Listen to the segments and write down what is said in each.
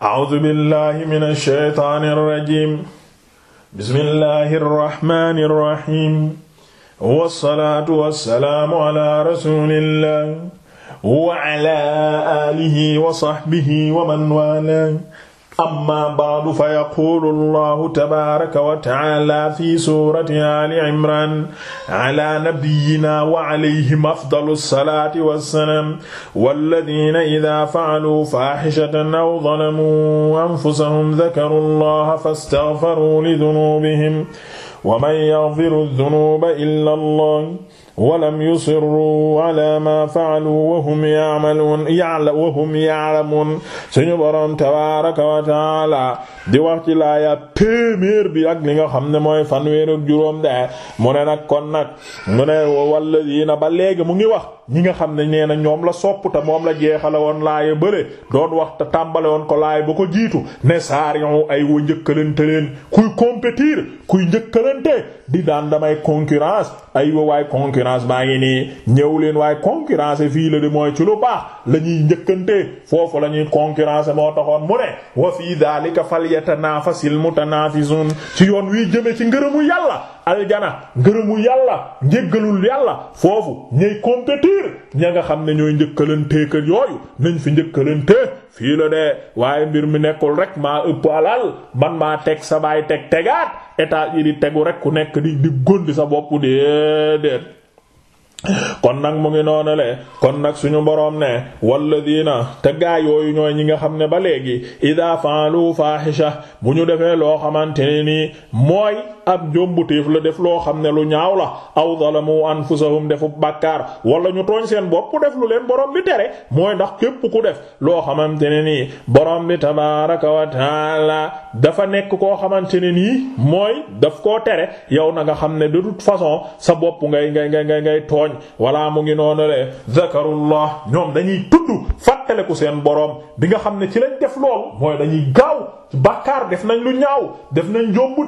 a'uudu billahi mina shaytaani rajiim bismillahi rahmaani rahiim wassalaatu wassalaamu ala rasuulillah wa ala aalihi wa sahbihi wa man waalaahu amma ba'du fa yaqulu allahu tabaaraka wa ta'aala fi suurati aali imraan ala nabiyyina wa alayhim afdalu salaati wassalaam walladiina idaa fa'aluu faahishatan aw zalamuu anfusahum dakaru allaha fastaghfaruu lidunuubihim wa man yaghfiru dunuuba illa allah walam yusirru ala ma faalu wahum ya'malun ya'la wahum ya'lamun suñu boroom tabaraka wa taala di wax ci laaya premier bi ak li nga xam ne mooy fan ak juróom de moo ne nag kon nag mu ne walladina ba léegi mu ngi wax ñi nga xam ne nee na ñoom la sopp te moom la jeexale woon laaya bële doon wax te tàmbale woon ko laaya ba ko jiitu ne saarion ay wa njëkkalante leen kuy compétir kuy njëkkalante di daan damay concurrence ay wa waay concurrence concurrence baa ngi nii ñëw leen waaye concurrence fii la di mooy ci lu baax la ñuy njëkkante foofu la ñuy concurrence moo taxoon mu ne wa fii daalika falyatanafasil mutanafizun ci yoon wi jëme ci ngërëmu yàlla aljana ngërëmu yàlla njéggalul yàlla foofu ñay compétir ña nga xam ne ñooy njëkkalante kër yooyu nañ fi njëkkalante fii la de waaye mbir mi nekkul rek maa ëpp alal man maa teg sa baay teg tegaat état yi di tegu rek ku nekk di di góndi sa bopp déedéet kon nag mu ngi noonale kon nag suñu boroom ne walladina te gaa yooyu ñooy ñi nga xam ne ba léegi ida faalu faahisha bu ñu defee loo xamante ne nii mooy ab njombutéef la def loo xam ne lu ñaaw la aw zalamu anfusahum defu bàkkaar wala ñu tooñ seen bopp def lu leen boroom bi tere mooy ndax képp ku def loo xamante ne nii boroom bi tabaraka wa taala dafa nekk koo xamante ne nii mooy daf koo tere yow na nga xam ne de toute façon sa bopp ngay ngay ngay ngay tooñ kon walla mu ngi noonu le zakarullah ñoom dañuy tudd fàttaleku seen boroom bi nga xam ne ci lañ def loolu mooy dañuy gaaw bàkkaar def nañ lu ñaaw def nañ jombu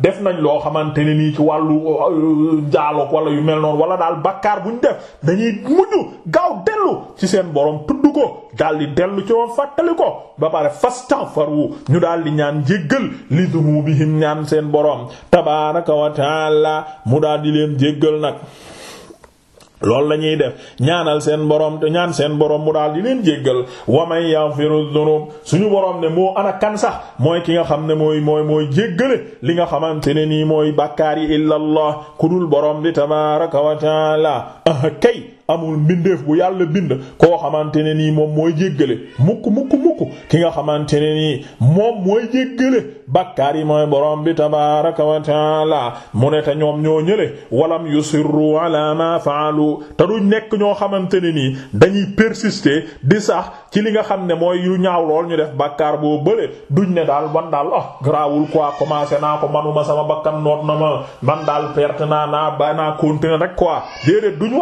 def nañ loo xamante ni nii ci wàllu euh, njaaloog wala yu mel noonu wala daal bàkkaar bu ñu def dañuy mujj gaaw dellu ci seen boroom tudd ko daal di dellu ci woon fàttali ko ba pare fastaghfaru ñu daal di ñaan jéggal li dunubihim ñaan seen boroom tabaaraka wa taala mu daal di leen jéggal nag loolu la ñuy def ñaanal seen borom te ñaan seen borom mu daal di leen jéggal wa man yaghfiru dhunub suñu borom ne moo ana kan sax mooy ki nga xam ne mooy mooy mooy jéggale li nga xamante ne nii mooy bàkkaar yi illa allah ku dul borom bi tabaaraka wa taala ah, kay amul mbindeef bu yàlla bind koo xamante ne nii moom mooy jéggale mukk mukk mukk ki nga xamante ne nii moom mooy jéggale bakkaar yi mooy borom bi tabaaraka wa taala mu ne te ñoom ñoo ñële walam yu ala ma faalu te duñ nekk ñoo xamante ne nii dañuy persister di sax ci li nga xam ne mooy yu ñaaw lool ñu def bakkaar boo bële duñ ne daal man daal ah grawul quoi commencé naa ko manuma sama bakkan na ma man daal perte naa naa ba rek quoi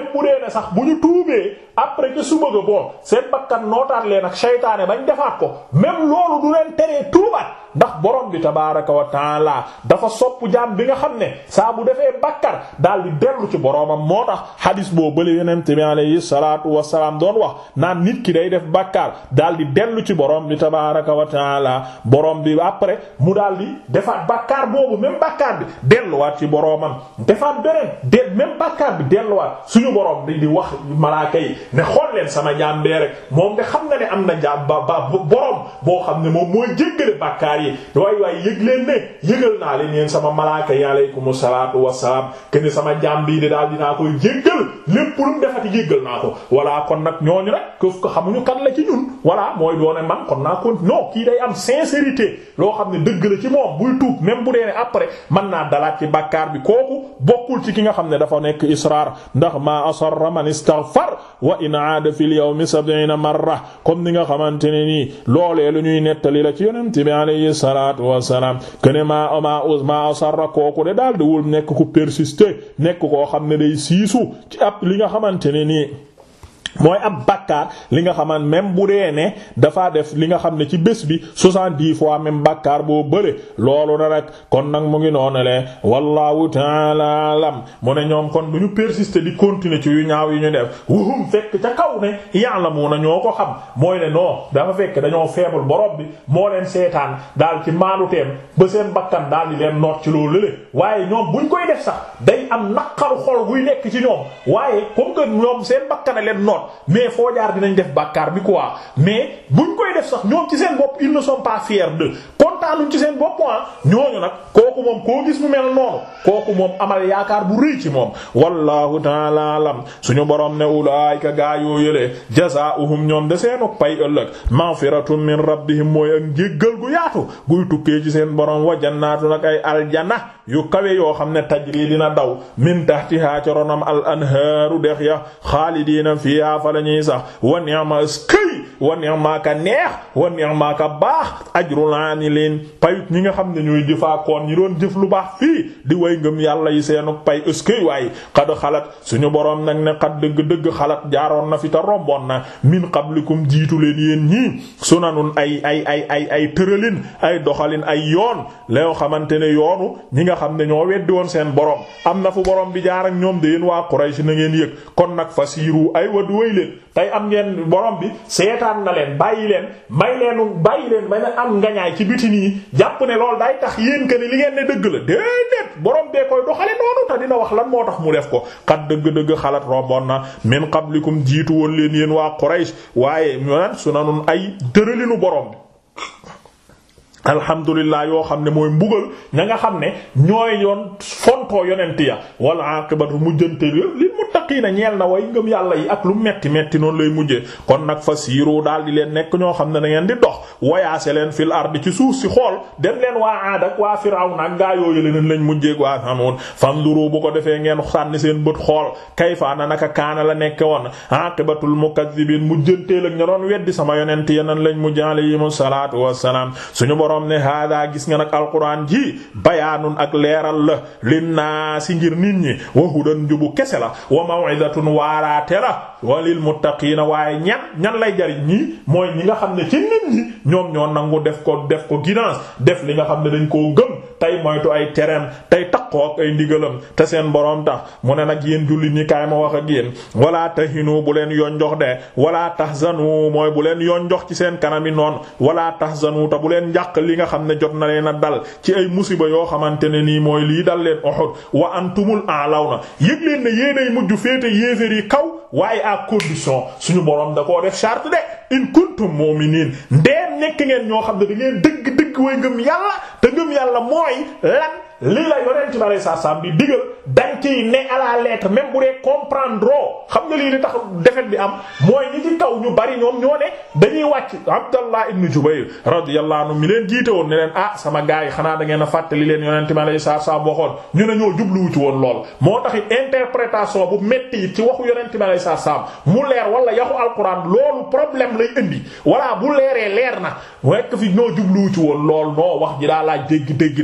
même bu dee na sax bu ñu tuubee après que suba ga bon seen bakkan nootaat leen ak seytaane bañ defaat ko même loolu du leen teree tuubaat ndax borom bi tabaaraka wa taala dafa soppu jaam bi nga xam ne saa bu defee bakkar daal di dellu ci boromam moo tax hadis boo bële yonente bi alayhi salaatu wa salaam doon wax naan nit ki day def bakkar daal di dellu ci borom bi tabaaraka wa taala borom bi après mu daal di defaat bakkar boobu même bakkar bi delluwaat ci boromam defaat beneen de même bakkar bi delluwaat suñu borom di di wax malaaka yi ne xool leen sama jaam bee moom de xam na ne am na jaam ba borom boo xam ne moom mooy jéggale bakkar yi yi waay waay yëg leen ne yëgal naa leen yéen sama malaaka yi aleykum salaatu wassalaam kene sama jaam bii di daal dinaa koy jéggal lépp lu mu defati jéggal naa ko voilà kon nag ñooñu rek këf ko xamuñu kan la ci ñun voilà mooy doone man kon naa kon non kii day am sincérité loo xam ne dëgg la ci moom buy tuub même bu dee après man naa dalaat ci bàkkaar bi kooku bokkul ci ki nga xam ne dafa nekk israar ndax maa asarra man istaghfar wa in aada fil yawmi sab'ina marra comme ni nga xamante ne la ci yonent bi alayhi salaatu wassalaam kene maa ma ma sarra kooku de daal di wul nekk ku persister nekk koo xam ne day siisu ci ab li nga xamante ne nii mooy ab bàkkaar li nga xaman même bu dee ne dafaa def li nga xam ne ci bés bi soixante-dix fois même bàkkaar boo bële loolu na rek kon nag mu ngi noonu le wallahu taala alam mu ne ñoom kon bu ñu persister di continuer ci yu ñaaw yu ñu def wuhum fekk ca kaw ne ya'lamu na ñoo ko xam mooy ne non dafa fekk dañoo faible borom bi moo leen seetaan daal ci maanu teem ba seen bakkan daal di leen noot ci loolu lële waaye ñoom buñ koy def sax day am naqaru xol buy nekk ci ñoom noonu mais foo jaar dinañ def bàkkaar bi quoi mais buñ koy def sax ñoom ci seen bopp ils ne sont pas fiers de kontaanuñ ci seen bopp ah ñooñu nag. kooku moom koo gis mu mel noonu kooku moom amal yaakaar bu rëy ci moom wallahu taala alam suñu borom ne ulaayika gaa yoo jazaa'uhum ñoom de seenu pay ëllëg maghfiratun min rabbihim mooy ak njéggal gu yaatu guy tukkee ci seen borom wa jannaatu nag ay aljana yu kawe yoo xam ne taj tajri dina daw min tahtiha ca ronam al anhaaru dex ya xaalidiina fiha fa la sax wa ni'ma wa ni'ma ka neex wa ni'ma ka baax ajrul amilin payut ñi doon jëf lu baax fii di way ngëm yàlla yi seenu pay ëskey waay xad xalat suñu boroom nag ne xad dëgg-dëgg xalaat jaaroon na fi te romboon na min qablikum jiitu leen yéen ñii sunanun ay ay ay ay ay tëralin ay doxalin ay yoon layoo xamante ne yoonu ñi nga xam ne ñoo weddi woon seen boroom am na fu boroom bi jaar ak ñoom de yéen waa Quraysh na ngeen yëg kon nag fasiiru ay wad way leen tey am ngeen boroom bi seetaan na leen bàyyi leen may leenu bàyyi leen ne dëgg la déedéet borom bee koy doxale noonu te dina wax lan moo tax mu def ko kat dëgg-dëgg xalaat romboon na min qablikum jiitu woon leen yéen waa Quraysh waaye ñu naan sunanun ay tëralinu borom bi alhamdulillah yoo xam ne mooy mbugal ña nga xam ne ñooy yoon fontoo yonent ya wal aqibatu mujjante lil muttaqiina ñeel na way ngëm yàlla yi ak lu metti metti noonu lay mujjee kon nag fa siiru daal di leen nekk ñoo xam ne da ngeen di dox wayaase leen fil ardi ci suuf si xool dem waa aad ak waa firawna ak gaa yooyu leneen lañ mujjeeg waa hamoon fanduru bu ko defee ngeen sànni seen bët xool kayfa na naka kaana la nekke woon aqibatul mukazzibiin mujjanteel ak ña doon weddi sama yonent ya nan lañ mujj alayhimu salaatu wassalaam borom ne hada gis nga nag alquran ji bayaanun ak leeral la linnaasi ngir nit ñi wa hudan njubu kese la wa maw'izatun waaraate la walil muttaqiina waaye ñan ñan lay jariñ ñii mooy ñi nga xam ne ci nit ñi ñoom ñoo nangu def ko def ko guidance def li nga xam ne dañ koo gëm tey moytu ay terrain taqook ay ndigalam te seen boroom tax mu ne nag yéen jullit ñi kaay ma wax ak yéen wala tahinu bu leen yoon jox de wala tahzanu mooy bu leen yoon jox ci seen kanam noon walaa tax tahzanu te bu leen njàq li nga xam ne jot na leen a dal ci ay musiba yoo xamante ne nii mooy lii dal leen Uhud wa antumul a'lawna yëg leen ne yéenay mujj féete yéeféer yi kaw waaye à condition suñu boroom da koo def charte de in kuntum mu'minin ndeen nekk ngeen ñoo xam ne da ngeen dëgg dëgg way ngëm yàlla li la yonent ma lay saa saam bi digal dañ ciy ne à la lettre même bu dee comprendre xam nga lii li tax defet bi am mooy ñi ci kaw ñu bari ñoom ñoo ne dañuy wàcc Abdallah ibn Jubayr radiyallahu anhu mi leen jiite woon ne leen ah sama gars yi xanaa dangeen ngeen a fàttali leen yonent ma lay saa saam waxoon ñu ne ñoo jubluwu ci woon lool moo tax interprétation bu metti yi ci waxu yonent ma lay saa saam mu leer wala yaxu alquran loolu problème lay indi wala bu leeree leer na wekk fi ñoo woon lool non wax ji daa laaj dégg dégg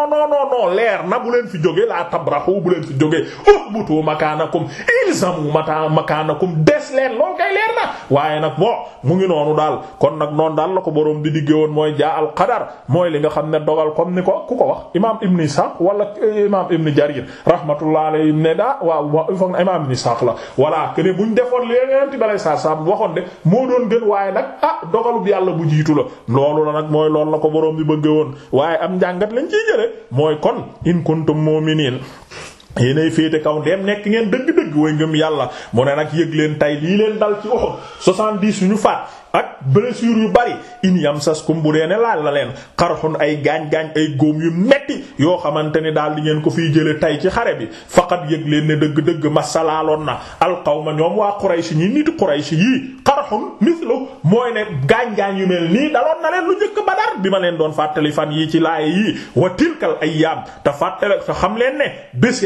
non non non non leer na bu leen fi jóge laa tabraxu bu leen fi jóge uhbutu makaanakum ilzamu mata makaanakum des leen lool kay leer na waaye nag moo mu ngi noonu daal kon nag noonu daal la ko boroom bi digge woon mooy jaa al qadar li nga xam ne dogal comme ni ko ku ko wax imaam ibn Isaaq wala eh, imaam ibn Jarir rahmatullah alayhi ne daa waaw foog na imaam ibn Isaaq la voilà que ne buñ defoon leeneenti balay saa saa moo doon gën waaye nag a ah dogalub yàlla bu jiitu la loolu la nag mooy loolu la ko boroom bi bëggee woon waaye am njàngat lañ ciy jëlee mooy kon in kuntum mu'minin yéenay féete kaw dem nekk ngeen dëgg dëgg-dëgg way ngëm yàlla mu ne nag yëg leen tey lii leen dal ci Uhud soixante-dix ñu faat ak blessure yu bari in yamsaskum bu dee ne laal la leen qarhun ay gaañ-gaañ ay góom yu metti yoo xamante ni daal di ngeen ko fiy jële tay ci xare bi faqat yëg leen ne dëgg-dëgg masalaaloon na alqawma ñoom waa Quraysh ñi nit Quraysh yii qarhun mislu mooy ne gaañ-gaañ yu mel nii daloon na leen lu njëkk Badar bi ma leen doon fàttali fan yii ci laaye yii wa tilkal ayyaam te fàttale te xam leen ne bés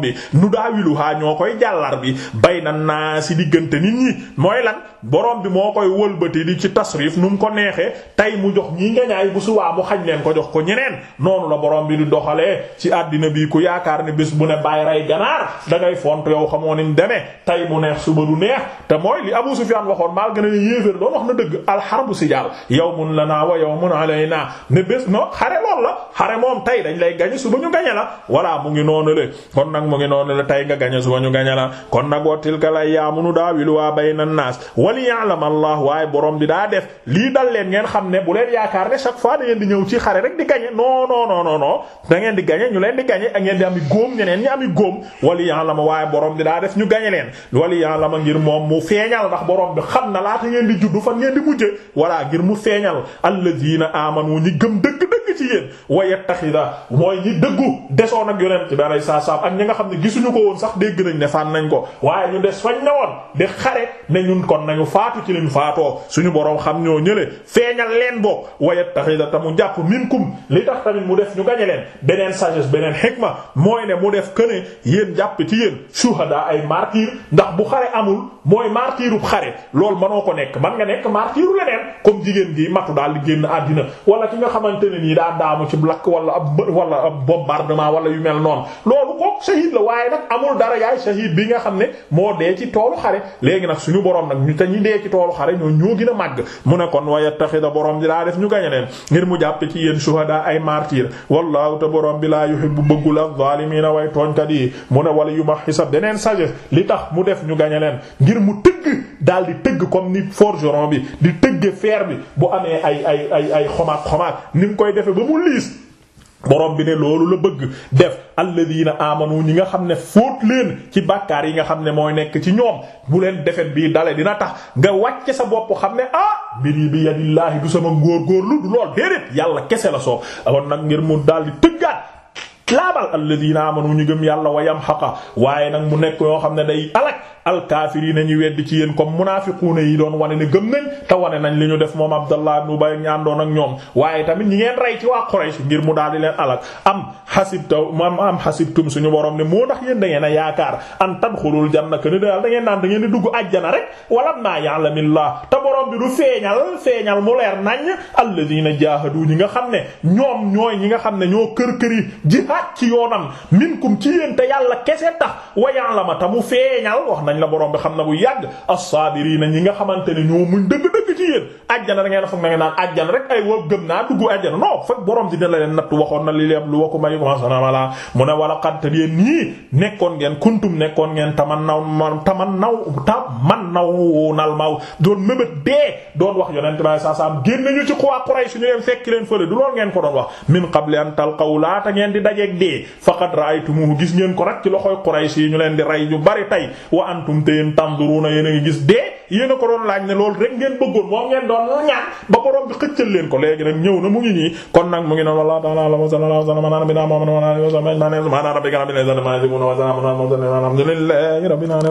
borom bi nu daawiluhaa ñoo koy jàllar bi bay na naa si diggante nit ñi mooy lan borom bi moo koy wëlbati di ci tasrif nu mu ko neexee tey mu jox ñii ngañaay bu subaa mu xañ leen ko jox ko ñeneen noonu la borom bi di doxalee ci àddina bi ku yaakaar ne bés bu ne bàyyi rey ganaar dangay ngay font yow xamoo niñ demee tey mu neex suba du neex te mooy li Abu Sufyan waxoon maal gën a yéeféer doon wax na dëgg alxar bu alxarbu sijaal yawmun lanaa wa yawmun alaynaa ne bés no xare lool la xare moom tey dañ lay gañe suba ñu gañe la voilà mu ngi noonu le kon nag mu ngi noonu le tey nga gañe suba ñu gañe la kon nag wa tilka layyaamu nudaawiluhaa bayna naas wali ya'lam allah waaye borom bi daa def lii dal leen ngeen xam ne bu leen yaakaar ne chaque fois da ngeen di ñëw ci xare rek di gagné non non non non non da ngeen di gagné ñu leen di gagné ak ngeen di ami góom ñeneen ñi ami góom wali ya'lam waaye borom bi daa def ñu gagné leen wali ya'lam ngir moom mu feeñal ndax borom bi xam na laata ngeen di juddu fan ngeen di mujje wala ngir mu feeñal alladhina amanu ñi gëm dëgg-dëgg ci yéen wa yattakhidha mooy ñi dëggu desoon ak yonent bi alayhi salaam ak ñi nga xam ne gisuñu ko woon sax dégg nañ ne fan nañ ko waaye ñu des fañ na woon di xare ne ñun kon nañ ñu faatu ci liñ faatoo suñu boroom xam ñoo ñële feeñal leen boog wayet taxida ta mu jàpp minkum li tax tamit mu def ñu gañe leen beneen sagesse beneen xikma mooy ne mu def këne yéen jàpp ci yéen daa ay martyr ndax bu xare amul mooy martiru xare loolu mënoo ko nekk man nga nekk martiru leneen comme jigéen gi matu daal di génn àddina wala ki nga xamante ne nii daa daamu ci lakk wala ab wala ab bombardement wala yu mel noonu loolu ko shahid la waaye nag amul dara yaay shahid bi nga xam ne moo dee ci toolu xare léegi nag suñu borom nag ñu te ñu dee ci toolu xare ñoo ñoo gën a màgg mu ne kon wa yattaxida boroom bi laa def ñu gañe leen ngir mu jàppe ci yéen shuhada ay martyr wallahu te borom bi laa yuhibbu bëggul az-zaalimiina way tooñkat yi mu ne wala yu ma xisab deneen sagesse li tax mu def ñu gañe leen ngir mu tëgg daal di tëgg comme ni forgeron bi di tëgge feer bi bu amee ay ay ay ay xomaat xomaat ni koy defe ba mu liis borom bi ne loolu la bëgg def alladina amanu ñi nga xam ne fóot leen ci bàkkaar yi nga xam ne mooy nekk ci ñoom bu leen defet bii dale dina tax nga wàcce sa bopp xam ne ah mbir yi bi yadillaahi du sama ngóorgóorlu du lool déedéet yàlla kese la soob kon nag ngir mu daldi tëggaat laabal alladina amanu ñu gëm yàlla wa yam xaqa waaye nag mu nekk yoo xam ne day alak alkaafiriina ñu weddi ci yéen comme munaafiquuna yi doon wane ne gëm nañ te wane nañ li ñu def moom Abdallah ibn Ubay ñaan doon ak ñoom waaye tamit ñi ngeen rey ci waa Quraysh ngir mu daal di leen alak am xasibta am am xasibtum suñu borom ne moo tax yéen da ngeen a yaakaar an tadxulul janna ne daal da ngeen naan da ngeen di dugg àjjana rek naa yàlla ya'lamillah te borom bi du feeñal feeñal mu leer nañ alladhiina jaahadu ñi nga xam ne ñoom ñooy ñi nga xam ne ñoo kër këri jihaad ci yoonam minkum yàlla kese tax wa ya'lama nañ la borom bi xam na bu yàgg as-saabiriina ñi nga xamante ne ñoo muñ dëgg-dëgg ci yéen ajjana da ngeen foog na ngeen natt waxoon na li leeb lu wakum ayumasanamala mu ne wala xatta yéen ñii nekkoon ngeen kuntum nekkoon ngeen taman naw taman naw taman naw doon mébét dee doon wax yonente ba sa sam génn ñu ci xuwaa Quraysh ñu leen fekk leen fële du lool ngeen ko doon wax min qabli an talqaw laata ngeen di dajeeg dee faqad ra'aytumuhu gis ngeen ko rek ci loxoy Quraysh yi ñu leen di antum te yéen tanzuruna yéen a ngi gis dee yéen a ko doon laaj ne loolu rek ngeen bëggoon moom ngeen doon ñaan ba borom bi xëccal leen ko léegi nag ñëw na mu ngi nii kon nag mu ngi noonu wallahu ta'ala a'lam wa sallallahu alayhi wa sallam